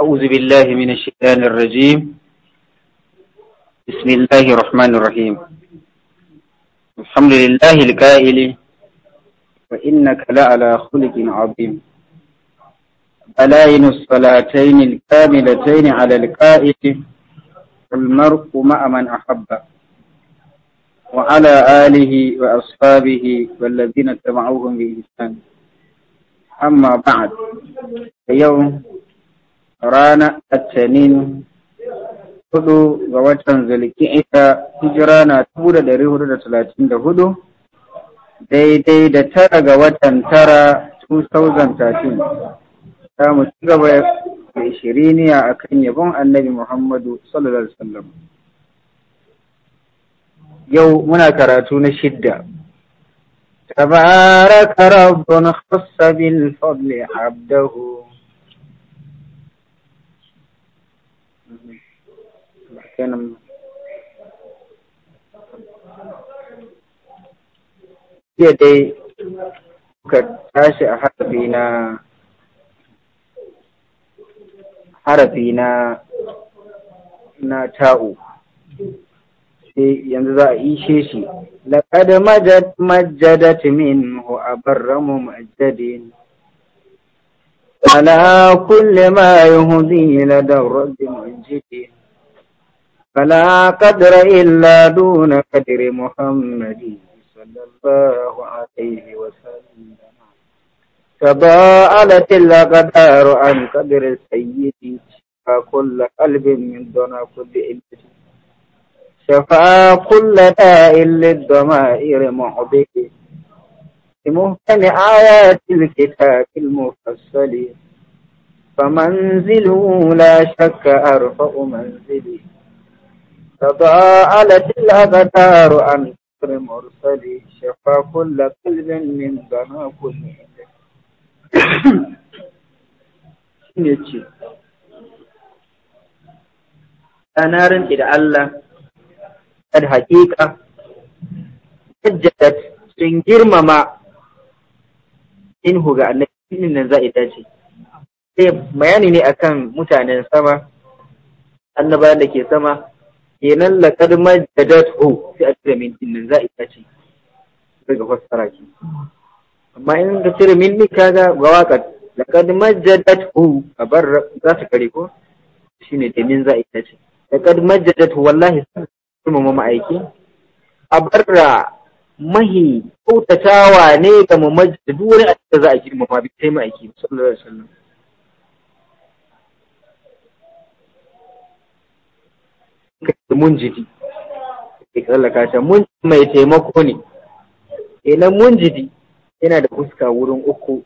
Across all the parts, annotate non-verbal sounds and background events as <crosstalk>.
أعوذ بالله من الشيطان الرجيم بسم الله الرحمن الرحيم الحمد لله الكائل وإنك لعلى خلق عظيم بلاين الصلاتين الكاملتين على الكائل والمرء مع من أحب وعلى آله وأصحابه والذين تبعوهم بإحسان amma ba'ad yau rana attanin hudu ga watan zulki'ita hijira na dubu da dari hudu da talatin da hudu daidai da tara ga watan tara 2013 ta mu ci gaba da shiriniya a kan yabon annabi muhammadu sallallahu alaihi wasallam yau muna karatu na shidda تبارك رب اختص بالفضل عبده يا دي كتاشي أحرفينا ناتاو sai yanzu za a ishe shi laqad majad majadat minhu abarramu majadin ala kulli ma yuhdi ila darrin majidin fala qadra illa duna qadri muhammadi sallallahu alaihi wa sallam tabaalat al qadaru an qadri sayyidi fa kullu qalbin min dunya kulli ilmin شفاء كل داء للضمائر محبه بمهتم آيات الكتاب المفصل فمنزله لا شك أرفع منزلي تضاءلت الأبتار عن كفر مرسلي شفى كل قلب من ضنا كل <coughs> أنا rinti da kad haƙiƙa sajjadat sun girmama inhu ga annabi za nan za'i dace sai bayani ne akan mutanen sama annabawan da ke sama kenan laqad majjadathu sai a cire nan za nan za'i dace daga fassara ki amma in ka cire min ni kaga ga waka laqad majjadathu kabar za su kare ko shine da min za'i dace laqad majjadathu wallahi girmama ma'aiki a barra mahi kautatawa ne ga mu da duk wani da za a girmama bi sai ma'aiki sallallahu alaihi wasallam mun jidi tsallaka ta mun mai taimako ne ina eh, mun jidi yana da fuska wurin uku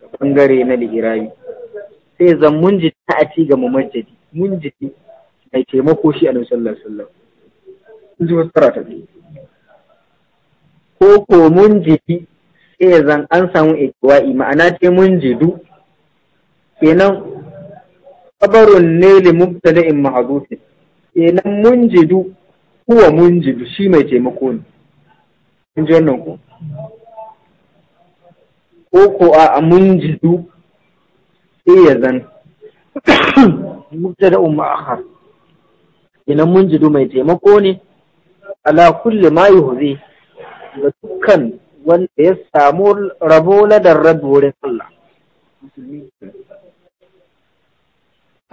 ga bangare na lihirami sai zan mun jidi ta a ci ga mamajidi mun jidi mai taimako shi a sallallahu alaihi wasallam in ji fassara ta biyu ko ko mun jifi sai zan an samu ikiwa'i ma'ana ce mun jidu kenan kabarun ne li in mahazuti kenan mun jidu kuwa mun jidu shi mai taimako ne in ji wannan ko ko ko a mun jidu sai ya zan <coughs> mubtada'un ma'akhar kenan munjidu mai taimako ne ala kulli ma yuhzi ga dukkan wanda ya samu rabo ladar rabu wurin Allah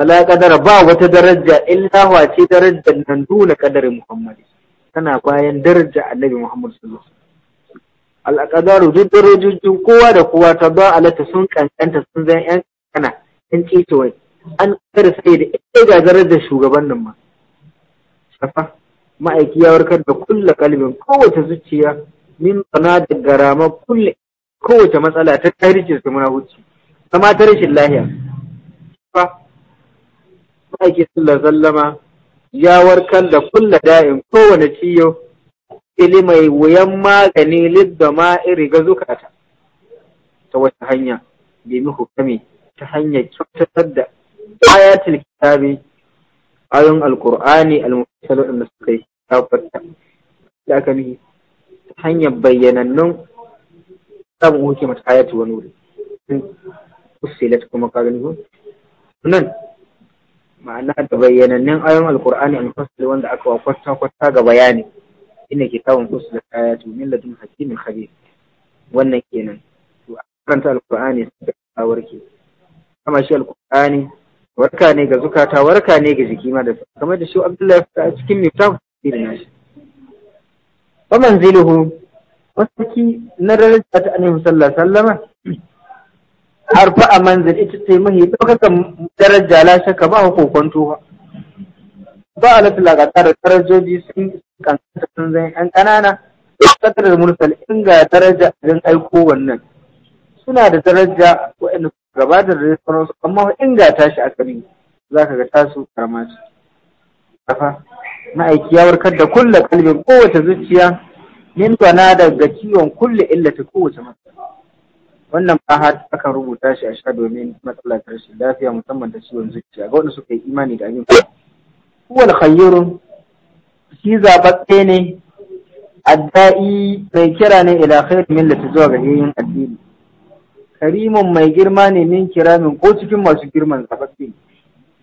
ala kadar ba wata daraja illa ce darajar nan duna kadarin Muhammadu, tana bayan daraja annabi Muhammad sallallahu alaihi wasallam al-aqdaru duk darajojin kowa da kowa ta ba alata sun kankanta sun zan yan kana sun ce to an kare sai da ita ga darajar shugaban nan ma safa ma'aiki ya warkar da kulla kalbin kowace zuciya min bana da garama kulle kowace matsala ta tarihi su muna huci sama ta rashin lahiya fa ma'aiki sallallahu sallama ya warkar da kulla da'in kowane ciyo ili wuyan magani lidda ma iri ga zukata ta wata hanya bi hukami ta hanyar kyautatar da ayatul kitabi ayon alkur'ani almufassal da suka yi da aka nihi ta hanyar bayyanannun samun hukumar mata ayatu wani wuri usilat kuma ka gani ko nan ma'ana da bayyanannun ayoyin alkur'ani almufassal wanda aka kwata kwata ga bayani ke kitabun usilat ayatu min ladun hakimin khabir wannan kenan to karanta alkur'ani suka warke kama shi alkur'ani warka ne ga zukata warka ne ga jiki ma da kamar da shi Abdullahi a cikin mitam irin nashi wa manziluhu wasaki na daraja ta annabi sallallahu alaihi wasallama harfa a manzil ita ce mahi daukakan daraja la shakka ba ko kwanto ba a lafi lagata da darajoji sun kankanta sun zai yan ƙanana sadar mursal inga daraja don aiko wannan suna da daraja waɗanda gabatar da sauransu amma in ga tashi asali za ka ga tasu karama ce kafa ma'aiki ya warkar da kulle kalbin kowace zuciya min na daga ciwon kulle illata kowace matsala wannan bahat aka rubuta shi a sha domin matsalar rashin lafiya musamman da ciwon zuciya ga wanda suka yi imani da abin kuwal khayyurun shi zabatse ne adda'i mai kira ne ila khairu millati zuwa ga yayin addini karimun mai girma ne min kiramin ko cikin masu girman zaɓaɓɓe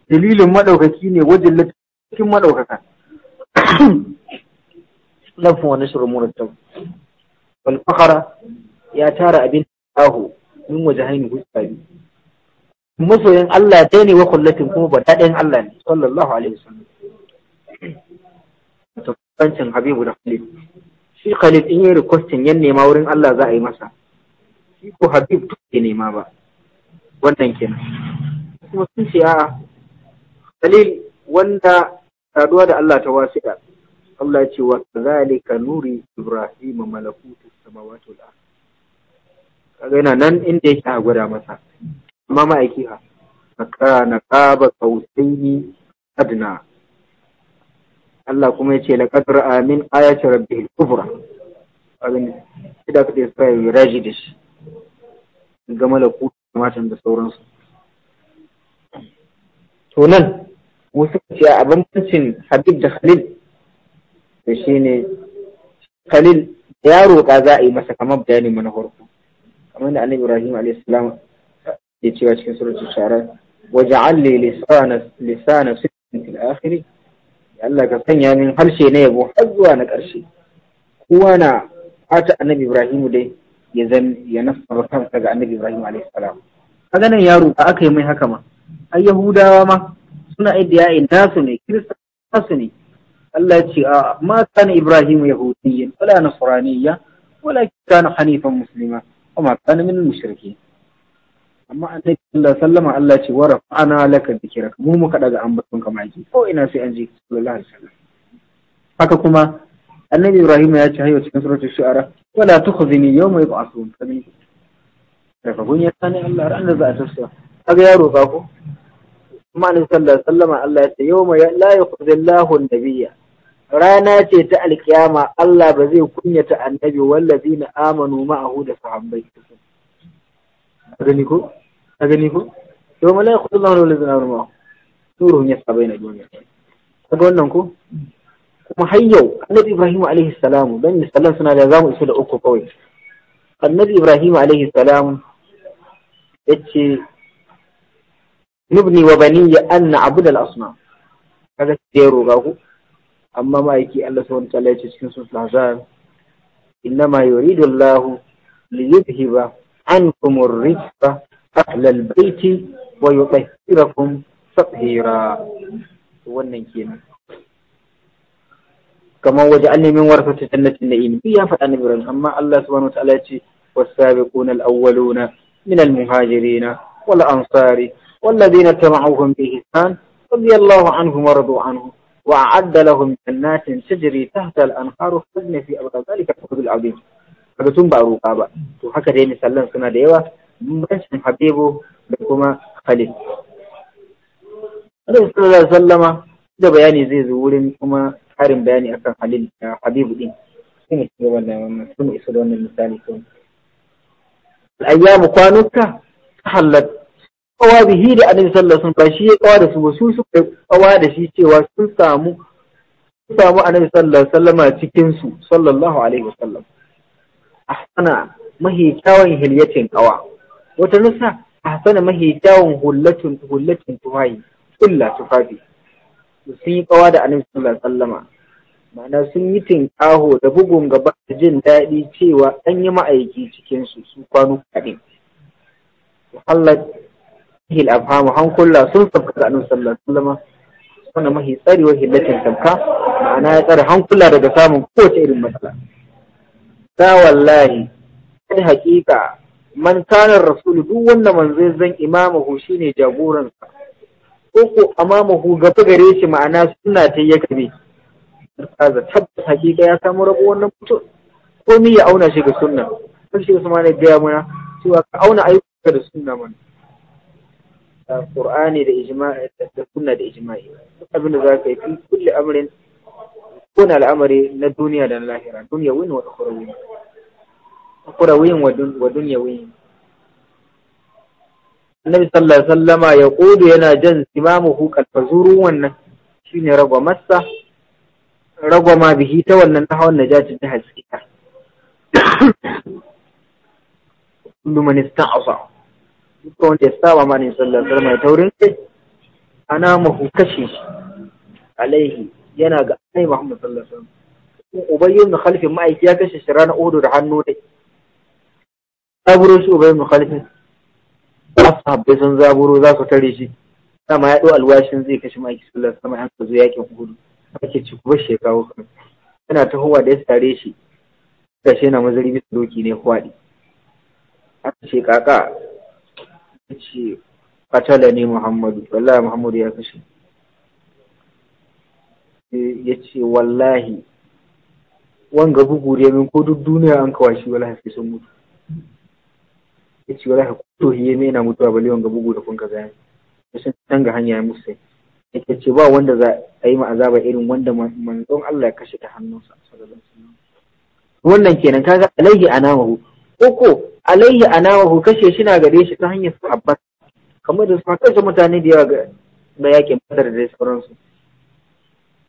dalilin maɗaukaki ne wajen cikin maɗaukaka lafin wani shirin murattab wal fakara ya tara abin taho min waje haini huska biyu masoyin Allah ta ne wa kullatin kuma ba daɗin Allah ne sallallahu alaihi wasallam tabbancin habibu da khalid shi khalid in yi requesting yan nema wurin Allah za a yi masa shi ko habib ke nema ba wannan kenan kuma sun ce a'a dalil wanda saduwa da Allah ta wasiƙa Allah ya ce wa zalika nuri ibrahim malakutu samawati wal ardh kaga yana nan inda yake a gwada masa amma ma'aiki ha na qaba qausaini adna Allah kuma ya ce la ra'a min ayati rabbihil kubra abin da kace sai rajidish ga malaku matan da sauransu to nan wasu ce a bambancin habib da khalil da shi ne khalil ya roƙa za a yi masa kamar bayani mana farko kamar da annabi ibrahim alayhi salam ya cewa cikin suratul shara waj'al li lisana lisana fil akhir Allah ka sanya min harshe na yabo har zuwa na ƙarshe kowa na fata annabi ibrahim dai ya zan ya nasaba kansa ga annabi Ibrahim alaihi salam kaga nan yaro a aka yi mai haka ma ai yahudawa ma suna iddiya inda su ne kirista su ne Allah ya ce a ma kana Ibrahim yahudiyyan wala nasraniyya walakin kana hanifan muslima kuma kana min mushriki amma annabi sallallahu alaihi wasallam Allah ce wa rafa'ana laka dhikraka mu muka daga ambaton ka maki ko ina sai an ji sallallahu alaihi wasallam haka kuma annabi Ibrahim ya ce hayo cikin suratul shu'ara wala tukhzini yawma yub'athun kabi daga gunya sani Allah ran za a tafsa yaro ka ko kuma ne sallallahu alaihi Allah ya ce yawma la yukhzillahu nabiyya rana ce ta alkiyama Allah ba zai kunyata annabi wallazina amanu ma'ahu da sahabbai gani ko gani ko yawma la yukhzillahu nabiyya surun ya sabai na duniya kaga wannan ko kuma har yau annabi ibrahim alaihi salam dan misalan suna da zamu iso da uku kawai annabi ibrahim alaihi salam yace nubni wa baniya an na'budu al-asnam kaga sai roga ku amma ma'aiki Allah subhanahu wa ta'ala yace cikin sun lazar inna ma yuridu Allah liyudhhiba ankum ar-rijsa ahla al-bayti wa yutahhirakum tathira wannan kenan kamar waje an nemi warfata jannatin na imi ya faɗa na biran amma Allah subhanahu wa ta'ala ya ce wasabiquna al-awwaluna min al-muhajirina wal ansari wal ladina tama'uhum bi ihsan radiyallahu anhum radu anhu wa a'adda lahum jannatin tajri tahta al-anharu fadna fi abda zalika al-fadl al-azim kaga sun ba roƙa ba to haka dai misalan suna da yawa mutuncin habibu da kuma khalil Allah sallallahu alaihi wasallama da bayani zai zo wurin kuma ƙarin bayani akan halil eh, habibu din shi ne shiga wannan su mu isa da wannan misali ko al'ayyamu kwanuka halat kawa bihi da annabi sallallahu alaihi wasallam ba shi ya kawa da su ba su suka kawa da shi cewa sun samu sun samu annabi sallallahu alaihi wasallam cikin su sallallahu alaihi wasallam ahsana mahi kyawun hilyatin kawa wata nusa ahsana mahi kyawun hullatun hullatun tuhayi illa tufafi sun yi kawa da annabi sallallahu alaihi wasallama ma'ana sun yi tinkaho da bugun gaba da jin daɗi cewa an yi ma'aiki cikin su su kwano kaɗe wahallar hil afhamu hankula sun sabka da annabi sallallahu alaihi wasallama wannan mahi tsari wa hillatin tamka ma'ana ya tsare hankula daga samun kowace irin matsala ta wallahi kai haƙiƙa man kana rasulu duk wanda zai zan imamahu shine jagoransa ko ko amamahu gaba gare shi ma'ana suna ta ya kabe Za tabbas hakika ya samu rabo wannan mutum komi ya auna shi ga suna. kan shi Usman mana gaya mana cewa ka auna ayyuka da suna mana Qur'ani da ijma'i da suna da ijma'i abin da zaka yi kulle amarin ko na al'amari na duniya da na lahira duniya wani wa akhrawin akhrawin wa duniya wani annabi sallallahu alaihi wasallama ya kodo yana jan simamuhu kalfazuru wannan shine ragwa ma bihi ta wannan ta hawan najajin ta haskita kullu man ista'sa duk wanda ya saba ma ne sallallahu alaihi wasallam taurin kai ana mahu kashe alaihi yana ga annabi Muhammad sallallahu alaihi wasallam ubayy ibn khalif ma'aiki ya kashe shi ranar Uhud da hannu dai aburu shi ubayy ibn khalif wasu habbai sun zaburo za su tare shi sama ya ɗau alwashin zai kashe maki sulla sama an zo yakin hudu ake ci kuma shekaru kan yana ta huwa da ya tare shi shi na mazari bisa doki ne kwaɗi aka ce kaka ya ce fatala ne muhammadu wallahi muhammadu ya kashe ya ce wallahi wanga bugu min ko duk duniya an kawashi wallahi sai sun mutu yace ya ka to hiye me yana mutuwa bale ga bugu da kun kaza ne sun tanga hanya ya musu yake ce ba wanda za a yi azaba irin wanda manzon Allah ya kashe ta hannunsa sallallahu alaihi wannan kenan kaga alaihi anamahu Ko alaihi anamahu kashe shi na gare shi ta hanyar sahabbat kamar da suka kashe mutane da yawa ga yakin badar da sauransu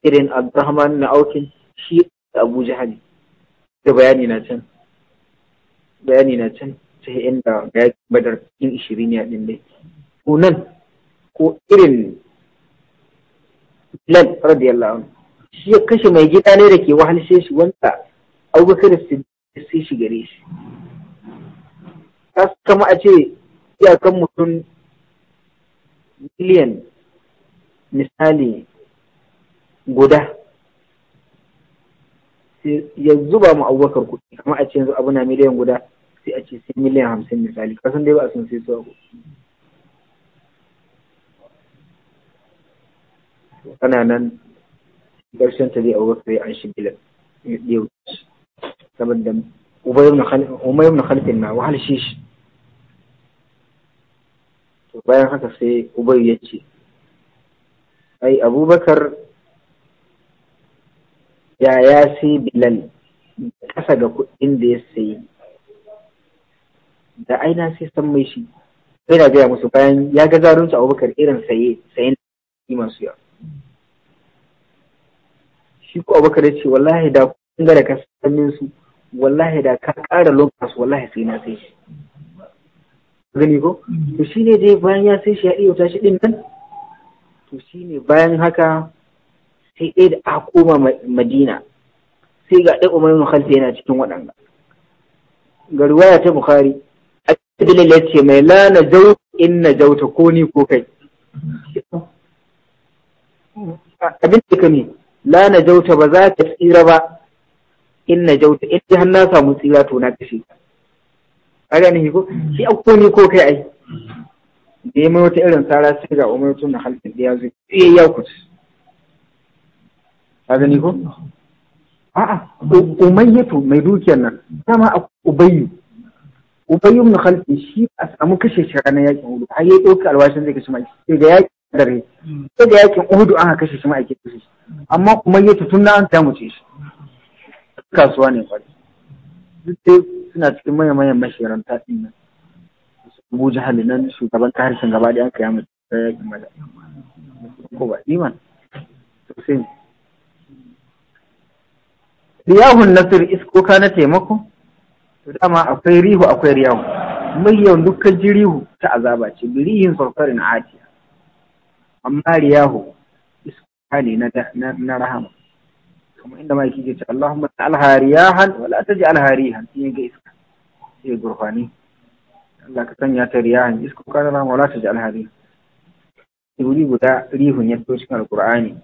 irin Abdurrahman na aukin shi da Abu Jahal da bayani na can bayani na can sai inda ya badar cikin ishiriniya din dai ko nan ko irin Bilal radiyallahu shi ya kashe mai gida ne da ke wahalshe shi wanda Abubakar sai shi gare shi ta kama a ce iyakan mutum miliyan misali guda ya zuba mu abubakar kuɗi kama a ce yanzu abu na miliyan guda sai a ce sai miliyan hamsin misali kasan dai ba a san sai su abu ana nan ƙarshen ta zai wasu ya an shi bilan ya wuce saboda umar ibn halifin na wahal shi shi bayan haka sai ubayu ya ce ai abubakar ya ya sai bilal ƙasa ga kuɗin da ya sayi da aina sai san mai shi sai na gaya musu bayan ya ga zarunsu abubakar irin saye sayen yi masu ya shi ko abubakar ya ce wallahi da kun ga da ka sannin su wallahi da ka ƙara lokacin wallahi sai na sai shi gani ko to shi ne dai bayan ya sai shi ya iya shi din nan to shi ne bayan haka sai ɗaya da aka koma madina sai ga ɗaya umar ibn yana cikin waɗanda ga ya ta bukhari Bilal ya ce mai la na jau in na jauta ko ni ko kai. Abin da ka ne, la na jauta ba za ta tsira ba in na jauta in ji na samu tsira to na kashe. A gani ko shi a ko ni ko kai ai. Da ya mai wata irin tsara sai ga umar tun na halittar da ya zo iya ya kuce. A gani ko? A'a, umayyatu mai dukiyar nan, dama a ubayyu Ubayu na khalid shi a samu kashe shi na yakin Hudu. har ya ɗauki alwashin zai kashe mai sai ga yakin dare sai da yakin Uhudu an kashe shi mai kashe shi amma kuma yi tutun na an damu ce shi kasuwa ne kwari duk suna cikin manyan manyan mashiran taɗin nan Abu hali nan shugaban kaharshen gaba da aka yi yakin mada ko ba iman sosai riyahun nasir iskoka na taimako to dama akwai rihu akwai riyahu mahiyan dukkan ji rihu ta azaba ce birihin sarfarin atiya amma riyahu iska ne na rahama kuma inda mai kike ce Allahumma ta'alha riyahan wa la taj'al harihan in ga iska sai gurfani Allah ka sanya ta riyahan iska ka rahama wa la taj'al harihan ibuli guda rihun ya fito cikin alqur'ani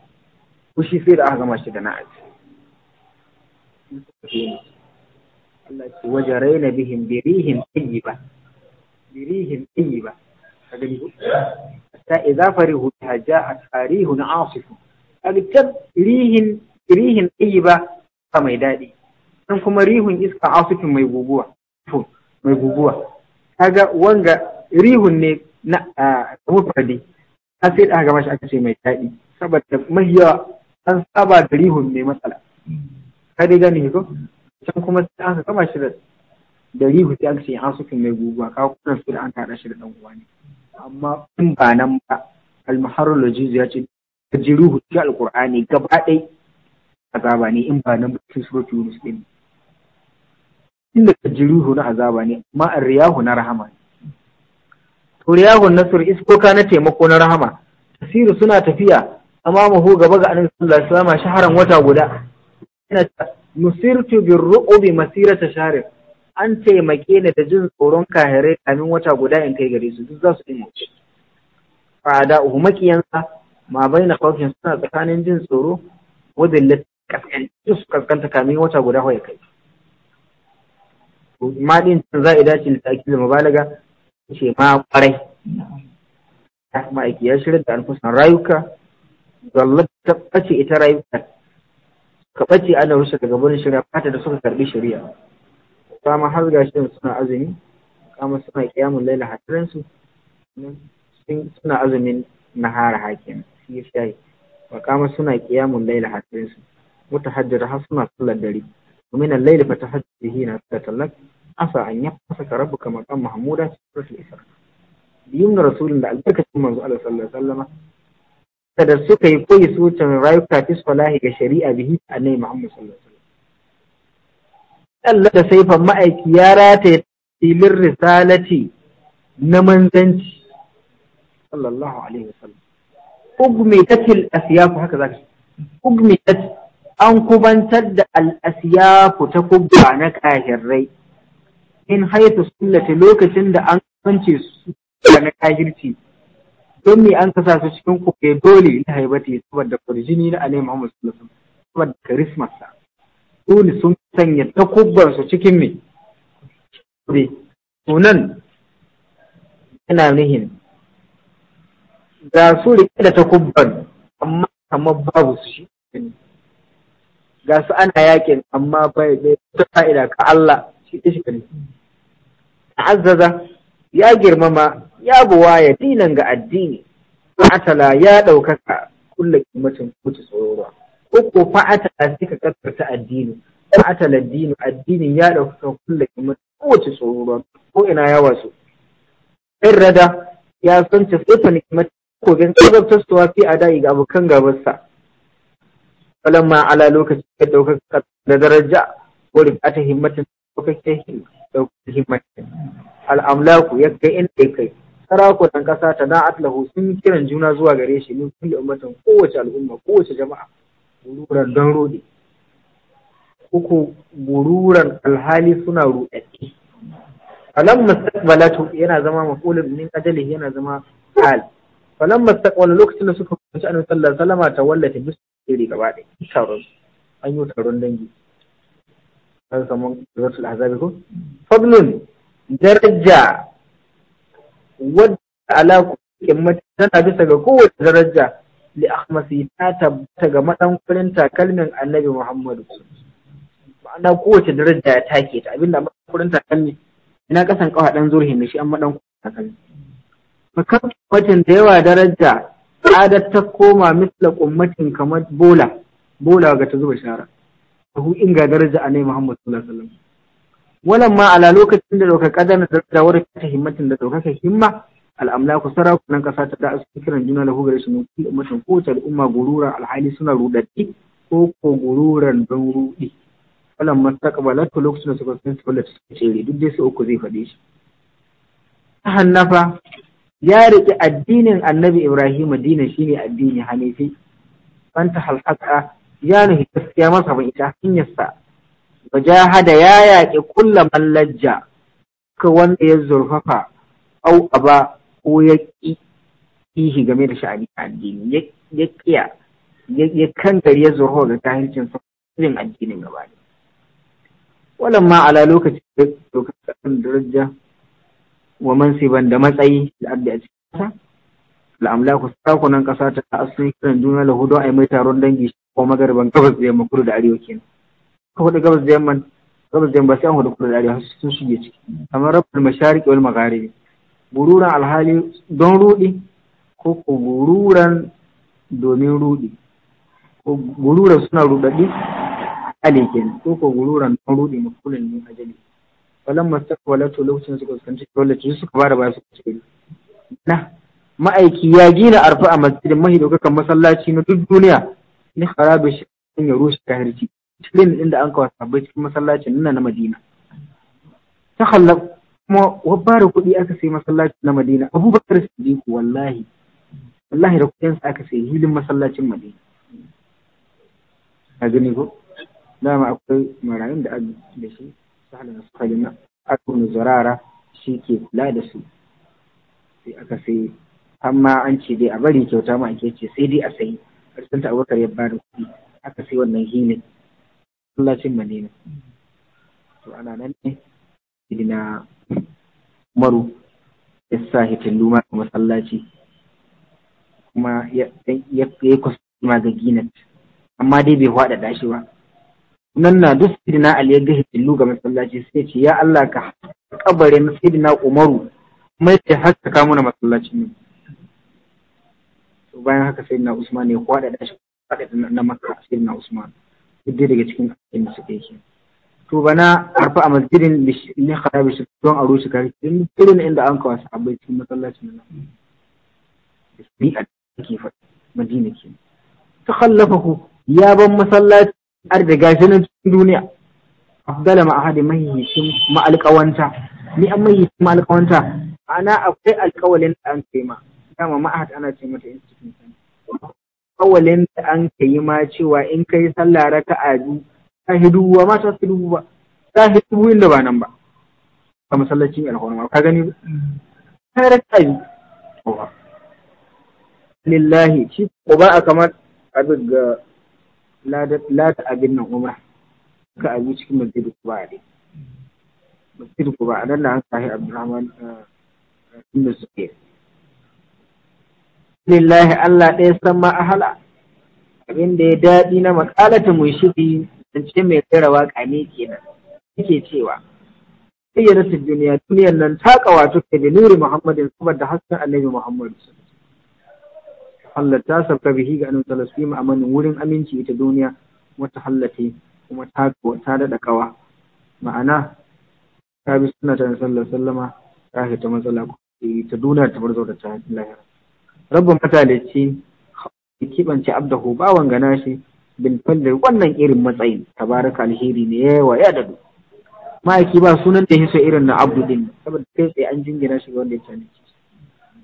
kushi sai da aka gama shi da na'at Allah ce waje raina bihin birihin ɗayi ba birihin ɗayi ba ka gani ko ta idza farihu biha ja'a tarihun asifun alkab rihin rihin ɗayi ba ka mai daɗi dan kuma rihun iska asifin mai guguwa mai guguwa kaga wanga rihun ne na mufardi har sai da aka mashi aka ce mai daɗi saboda mahiya an saba da rihun mai matsala ka gani ko can kuma sai aka kama shi da dari hutu aka ce an suka mai guguwa ka kuma su da an kaɗa shi da ɗan uwa ne amma in ba nan ba Jizu ya ce ji ruhu ci alkur'ani gaba ɗai azaba ne in ba nan cikin surutu yunus in inda ka ji ruhu na azaba ne amma riyahu na rahama ne to riyahu nasr iskoka na taimako na rahama tasiru suna tafiya amma mahu gaba ga annabi sallallahu alaihi wasallam shaharan wata guda yana nusirtu masira ta sharif an taimake ni da jin tsoron kahirai kamin wata guda in kai gare su duk za su imoce fada uhu makiyansa ma na kawafin suna tsakanin jin tsoro wadillat kaskanci su kaskanta kamin wata guda hoye kai ma din za a dace da balaga, mubalaga ce ma kwarai ma'aiki ya shirya da alfusan rayuka zallar ta ita rayuka ka ɓace ana rusa daga barin shari'a fata da suka karɓi shari'a kama har gashin suna azumi kama suna kiyamun laila hatarin su suna azumin nahara hakim shi shayi wa kama suna kiyamun laila hatarin su mutahajjir har suna sallar dare ومن الليل فتهجد به نافلة لك عسى أن يبعثك ربك مقام suka fi isa. الإسراء بيمن رسول الله البركة من صلى الله عليه Kada suka yi koyi su wucin rayuka fi salahi ga shari'a bihi annabi Muhammad sallallahu alaihi Allah da saifan ma'aiki ya rataye filin risalati na manzanci sallallahu alaihi wasallam ugmitatil asyafu haka zaka ugmitat an kubantar da al'asiyafu ta kubba na kahirrai in haitu sunnati lokacin da an kance su na kahirci don me an kasa su cikin kuke dole ina haibati saboda kurjini na alai muhammad sallallahu alaihi wasallam saboda christmas sa dole sun sanya takubban su cikin me ne sunan yana nihin ga su rike da takubban amma kamar babu su shi ga su ana yakin amma bai bai ta fa'ida ka Allah shi ta shi ne ta'azzaza ya girmama ya ya dinan ga addini fa'atala ya ɗaukaka kulle kimacin kuci tsoro ko fa'atala sai ka kasarta addini fa'atala dinu addini ya ɗaukaka kulle kimacin kowace tsoro ko ina ya wasu in rada ya san ta sefa nikimacin kogin suwa fi a da'i ga abokan gabarsa falamma ala lokacin ɗauka ɗaukaka da daraja wurin ata himmatin ɗaukakken himmatin al'amlaku ya kai inda ya kai sarakunan ƙasa ta na atlahu sun yi kiran juna zuwa gare shi ne kulle ummatin kowace al'umma kowace jama'a gururan don rode uku gururan alhali suna ruɗaɗɗe falam mustaqbalatu yana zama maqulun min ajali yana zama hal falam wani lokacin da suka kunci annabi sallallahu alaihi wasallam ta wallata bisiri gaba da taron an yi taron dangi an samu rasul azabi ko fadlun daraja wadda ala kimmata tana bisa ga kowace daraja li akhmasi ta tabbata ga madankulin takalmin annabi Muhammadu ma'ana kowace daraja ya take ta abinda madankulin takalmi ina kasan kawa dan zurhi ne shi an madankulin takalmi makar watan da yawa daraja tsadar ta koma misla kummatin kamar bola bola ga ta zuba shara hu inga daraja annabi Muhammadu sallallahu alaihi wasallam walan ma ala lokacin da ɗaukar ƙadar da wadda ta himmatin da ɗaukaka himma al'amlaku sarakunan ƙasa ta da'a su kiran juna da hugar su ne mutum kowace al'umma gurura alhali suna rudaddi ko ko gururan don ruɗi. walan ma taqabalatu lokacin da suka san tabbata suka ce duk dai su uku zai faɗe shi hannafa ya riƙe addinin annabi ibrahim dinin shine addini hanifi fanta halhaqa ya nuhi gaskiya masa ban ita hanyarsa wajahada ya yaƙi kulla mallajja ka wanda ya zurfafa au aba ko ya ƙi game da sha'ani addini ya ƙiya ya kankari ya zurfafa ga kahircin sirrin addinin gaba ne walan ma ala lokacin da lokacin daraja wa ban da matsayi da abdi a cikin ƙasa al'amlaku sakunan ƙasa ta asirin kiran juna lahudu a yi mai taron dangi ko magarban gabas da yamma kudu da arewa kenan ka hudu gabas da yamman gabas da yamma sai an hudu kudu da arewa sun shige ciki kamar rabbul mashariq wal magharibi bururan alhali don rudi ko ko bururan domin rudi ko bururan suna rudaddi ali kenan ko ko bururan don rudi makulun ne ajali falan mastaqbalatu lokacin suka fuskanci wallace suka bada baya suka ce na ma'aiki ya gina arfa a masjidin mahi daukakan masallaci na duk duniya ni harabe shi ya rushe kahirci cikin inda an kawo sabbi cikin masallacin nan na Madina ta halla kuma wabbar kuɗi aka sai masallacin na Madina Abubakar Siddiq wallahi wallahi da kuɗin sa aka sai hilin masallacin Madina a gani ko dama akwai marayun da an da shi sahalin na akun zarara shi ke kula da su sai aka sai amma an ce dai a bari kyauta ma ake ce sai dai a sayi har sun ta abubakar ya bada kuɗi aka sai wannan hilin masallacin Madina. To ana nan ne na Umaru ya sa hitillu ma a masallaci kuma ya yi ma ga Ginat amma dai bai faɗaɗa shi ba. Nan na duk Sidina Ali ya ga hitillu ga masallaci sai ce ya Allah ka kabarin Sidina Umaru mai ta kamun na masallacin nan. Bayan haka Sidina Usman ya faɗaɗa shi faɗaɗa na Makka Sidina Usman. hidde daga cikin inda suka yi to bana harfa a masjidin ne bi shi don a rushe kare din irin inda an kawo sahabbai cikin masallacin nan Bi a take fa madina ke ta khallafahu ya ban masallaci ar da gashi na cikin duniya afdala ma ahadi mayyicin ma alƙawanta ni an mayyicin ma alƙawanta ana akwai alƙawalin da an kai ma dama ma'ahad ana ce mata in cikin sani awalin da an ka yi ma cewa in ka yi sallah a biyu ta hidu wa ma ta dubu ba ta hidu inda ba nan ba Ta masallacin alhawar ka gani ta raka'a biyu lillahi shi ko ba a kamar abin ga lata abin nan umra ka abin cikin ba a dai masjidu ku ba a nan da an sahi abdurrahman eh, ibn zubair lillahi Allah ɗaya san ma'ahala ahala abin da ya daɗi na makalata mu shiri ce mai tsira waƙa ne kenan yake cewa sayyidatu duniya duniyar nan ta kawato ke da nuri muhammadin saboda hasken annabi muhammadu Allah ta sabka bihi ga annabi sallallahu alaihi wasallam wurin aminci ita duniya wata kuma ta ta dada kawa ma'ana ta bi suna ta sallallahu alaihi ta hita matsala ta duniya ta bar zauta ta lahira rabin matalici da kibance abdahu bawan gana shi bin fadlir wannan irin matsayin tabaraka alheri ne yawa ya dadu ma'aiki ba sunan da ya irin na abdu din saboda kai tsaye an jingina shi wanda ya tanaji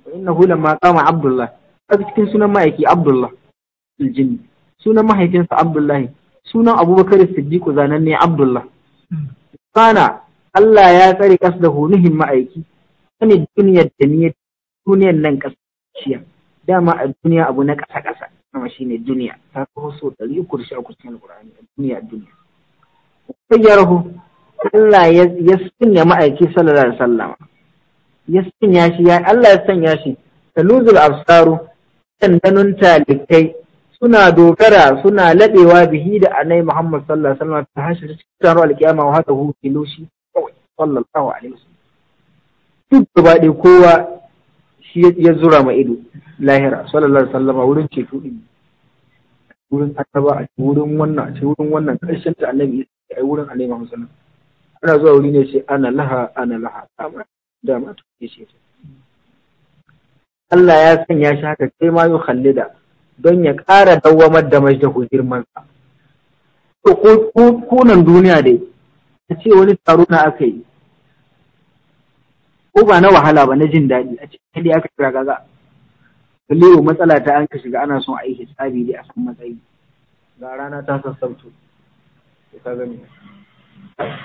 wa innahu lamma qama abdullah a cikin sunan ma'aiki abdullah aljin sunan mahaifinsa abdullahi sunan abubakar siddiq zanan ne abdullah kana Allah ya tsare kasdahu nuhin ma'aiki sani duniyar da duniyar nan kasashiya dama a duniya abu na ƙasa ƙasa kuma shine duniya ta kawo so ɗari uku da sha uku cikin alƙur'ani a duniya duniya sayyarahu Allah ya sanya ma'aiki sallallahu alaihi wasallam ya sanya shi ya Allah ya sanya shi taluzul absaru dandanun talikai suna dogara suna laɗewa bihi da anai Muhammad sallallahu alaihi wasallam ta hashi cikin taro alkiyama wa haka hu filoshi kawai sallallahu alaihi wasallam duk gaba kowa shi ya zura ma ido lahira sallallahu alaihi wasallam wurin ceto din wurin ataba a wurin wannan a wurin wannan karshen ta annabi isa ai wurin annabi Muhammad sallallahu ana zuwa wuri ne ce ana laha ana laha amma da ma to ke ce Allah ya sanya shi haka sai ma yau khallida don ya ƙara dawwamar da majdahu girman sa ko kunan duniya dai ta ce wani taro na aka yi ko ba na wahala ba na jin daɗi a cikin dai aka kira gaza kallewa matsala ta an ka shiga ana son a yi hisabi dai a san matsayi ga rana ta sassauto to ka gani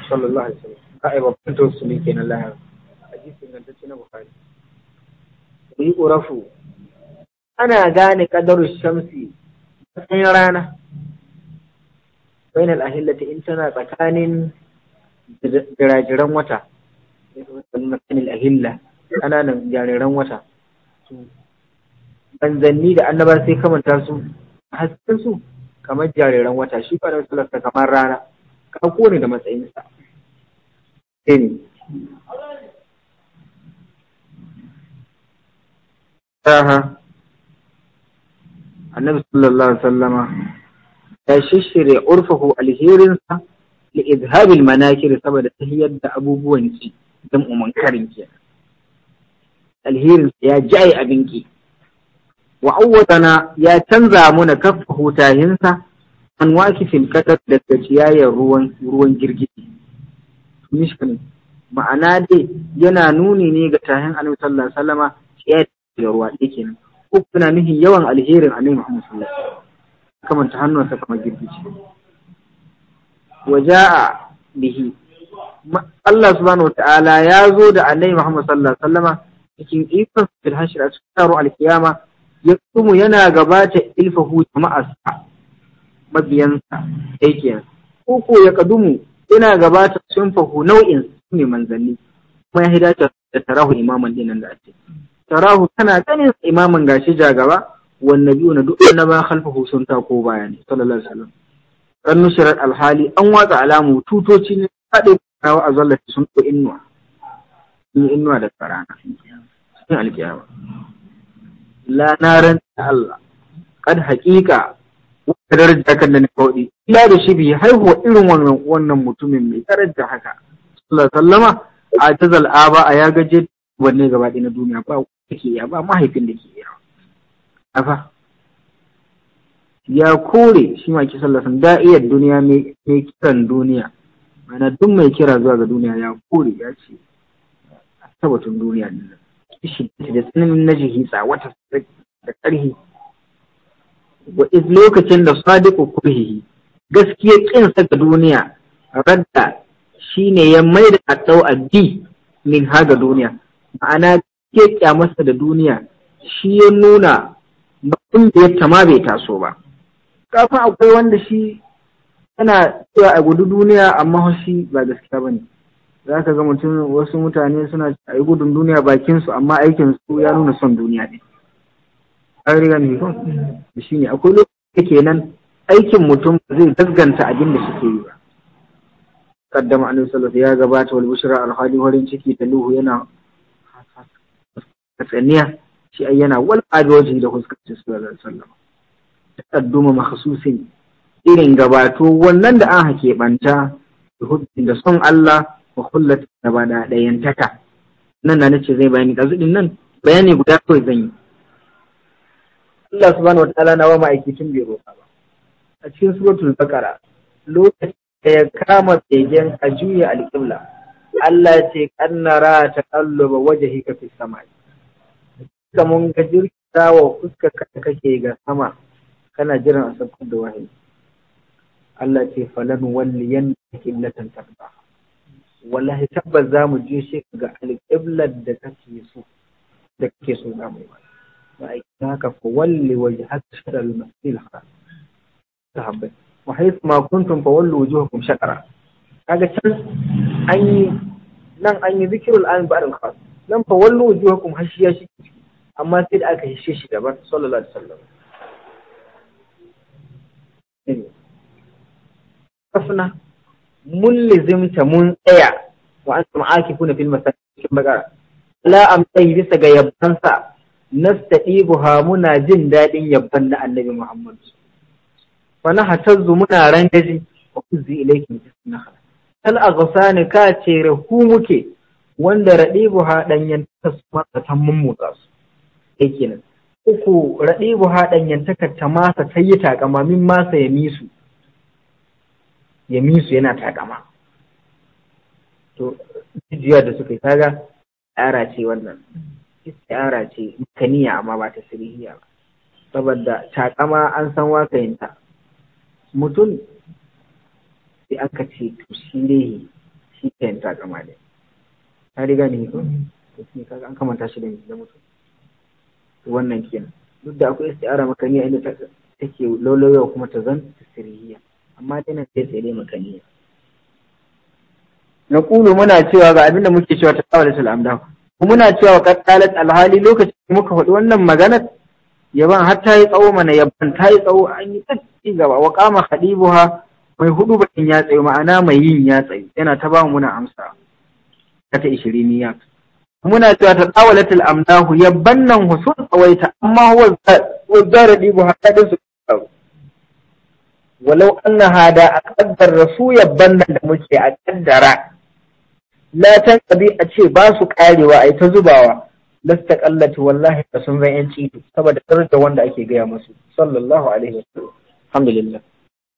sallallahu alaihi wasallam ka ai babban tawassuli kenan lahar hadisi ingantacce na bukhari yi urafu ana gane kadarus shamsi matsayin rana bainal ahillati in tana tsakanin jirajiran wata ahilla ƙananan jariran wata manzanni da annaba sai kamanta su hasken su kamar jariran wata shi fara salasta kamar rana ka kone da matsayinsa sai ne Aha. Annabi sallallahu Alaihi wasallama ya shishire urfahu alherinsa li idhabil manakir saboda tahiyar da abubuwan ci. dan umman karin ke alherin ya jaye abin ki wa awwatana ya canza muna kaffa hutahinsa an waki filkatar daga ciyayen ruwan ruwan girgiti ma'ana dai yana nuni ne ga tahin annabi sallallahu alaihi wasallama ciyayar da ruwa yake nan uku na nufin yawan alherin annabi muhammad sallallahu alaihi wasallam kamar ta hannunsa kamar girgici waja'a bihi Allah subhanahu wata'ala ya zo da Annabi Muhammad sallallahu alaihi wasallama cikin ifan fil hashir a cikin taro alkiyama ya kuma yana gabata ilfahu jama'arsa mabiyansa aikiyan koko ya kadumu yana gabata sunfahu nau'in ne manzanni kuma ya hidata da tarahu imaman dinan da ake tarahu tana ganin imaman gashi jagaba wan nabiyu na duk annaba khalfahu sun tako baya ne sallallahu alaihi wasallam ran nusrat alhali an watsa alamu tutoci ne faɗi a azalla sun ko innuwa sun inuwa da tsarana sun alkiyawa la ta Allah kad haqiqa wata daraja kan da na kaudi ila da shi bi haihuwa irin wannan wannan mutumin mai daraja haka sallallahu sallama a zal'a ba a ya gaje wanne gaba na duniya ba ke ya ba mahaifin da ke ya afa ya kore shi ma ki da iya duniya mai kisan duniya mana duk mai kira zuwa ga duniya ya kore ya ce a tabbatun duniya din shi da tsananin na jihisa wata da ƙarhi wa iz lokacin da sadiku kurhihi gaskiya kin saka duniya radda shine ya mai da atau addi min haga duniya ma'ana ke masa da duniya shi ya nuna ba inda ya tama bai taso ba kafin akwai wanda shi yana cewa a gudu duniya amma hashi ba gaskiya ba ne za ka ga mutum wasu mutane suna a yi gudun duniya bakinsu amma aikin su ya nuna son duniya ne an riga ne da shi ne akwai lokaci kenan aikin mutum zai gasganta abin da suke yi ba kaddama annabi sallallahu ya gabata wal bushra al hali warin ciki ta luhu yana tsaniya shi ai yana wal adoji da huskar sallallahu alaihi wasallam duma makhsusin irin gabato wannan da aka keɓanta da son Allah wa kullata gaba da ɗayantaka nan na nace zai bayani ɗin nan bayani guda kawai zan yi Allah subhanahu wataala na wa ma'aikacin bai roƙa ba a cikin suratul zakara lokacin da ya kama begen a juya alƙibla Allah ya ce kannara ta kalluba hika fi samai mun ga jirgin wa fuskar ka kake ga sama kana jiran a da wahayi Allah ce falan walliyan kiblatan tarda wallahi tabbas za mu je shi ga alƙiblar da kake so da kake so na mai wani ba a yi haka fa walli wajhaka shatr al da al-haram sahabbai wa haif ma kuntum fa wallu wujuhakum shatra kaga can an yi nan an yi zikirul amin ba'd al-khas nan fa wallu wujuhakum hashiya shi amma sai da aka hishe shi daban sallallahu alaihi wasallam kafna mun lizimta mun tsaya wa an tuma aki kuna fil masakin bakara la amsai bisa ga yabbansa buha muna jin daɗin yabban na annabi Muhammadu. fa na hatazzu muna gaji. wa kuzi ilaikin jisnaha tal aghsani ka ce rahu muke wanda radibuha danyen ta su ta mun su yake nan uku radibuha danyen ta ta masa tayi takama min masa ya misu ya misu yana takama to jijiya da suka yi kaga tsara ce wannan tsara ce makaniya amma ba ta sirihiya ba saboda takama an san wakayinta mutum sai aka ce to shi ne shi yin takama ne ta riga ne ko to shi kaga an kamanta shi da mutum wannan kenan duk da akwai tsara makaniya inda take laulawa kuma ta zan sirihiya amma tana sai sai dai Na Kulu muna cewa ga abinda muke cewa ta tawala da amda muna cewa qad qalat alhali lokacin muka faɗi wannan maganar yaban har ta yi tsawo mana yaban ta yi tsawo an yi tsaki gaba wa kama hadibuha mai hudu bakin ya tsayo ma'ana mai yin ya tsayo yana ta ba mu muna amsa ta ishiriniya muna cewa ta tsawalatul amdahu yabban nan husun tsawaita amma huwa zaradi bu hadin su walau na hada a ƙaddar su yabban nan da muke a kaddara la kabi a ce ba su karewa ai ta zubawa lasta kallata wallahi da sun zan yanci saboda darajar wanda ake gaya musu sallallahu alaihi wasallam alhamdulillah